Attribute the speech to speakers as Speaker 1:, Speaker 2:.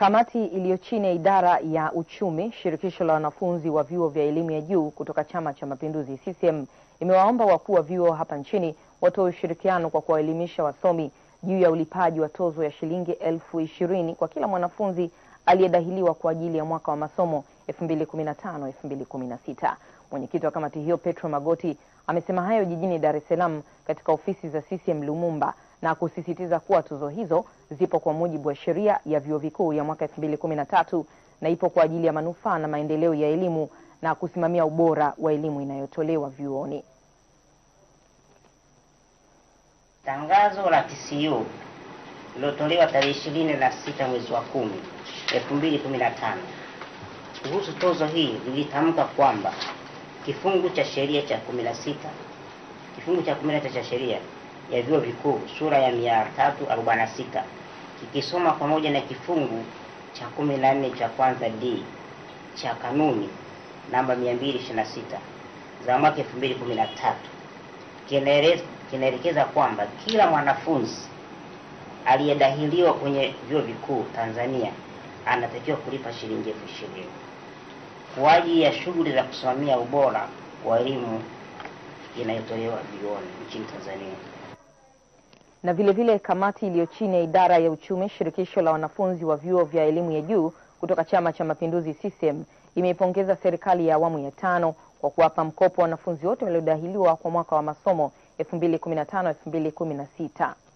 Speaker 1: Kamati iliyo chini ya idara ya uchumi, shirikisho la wanafunzi wa vyuo vya elimu ya juu kutoka Chama cha Mapinduzi CCM imewaomba wakuu wa vyuo hapa nchini watoe ushirikiano kwa kuwaelimisha wasomi juu ya ulipaji wa tozo ya shilingi elfu ishirini kwa kila mwanafunzi aliyedahiliwa kwa ajili ya mwaka wa masomo 2015 2016. Mwenyekiti wa kamati hiyo Petro Magoti amesema hayo jijini Dar es Salaam katika ofisi za CCM Lumumba na kusisitiza kuwa tuzo hizo zipo kwa mujibu wa sheria ya vyuo vikuu ya mwaka 2013 na ipo kwa ajili ya manufaa na maendeleo ya elimu na kusimamia ubora wa elimu inayotolewa vyuoni.
Speaker 2: Tangazo la TCU lilotolewa tarehe ishirini na sita mwezi wa kumi elfu mbili kumi na tano kuhusu tozo hii lilitamka kwamba kifungu cha sheria cha 16 kifungu cha 16 cha sheria ya vyuo vikuu sura ya 346 kikisoma pamoja na kifungu cha 14 cha kwanza d cha kanuni namba 226 za mwaka 2013 kinaelekeza kwamba kila mwanafunzi aliyedahiliwa kwenye vyuo vikuu Tanzania anatakiwa kulipa shilingi elfu ishirini kwa ajili ya shughuli za kusimamia ubora wa elimu inayotolewa vioni nchini Tanzania
Speaker 1: na vilevile kamati iliyo chini ya idara ya uchumi shirikisho la wanafunzi wa vyuo vya elimu ya juu kutoka Chama cha Mapinduzi CCM imeipongeza serikali ya awamu ya tano kwa kuwapa mkopo wanafunzi wote waliodahiliwa kwa mwaka wa masomo 2015 2016.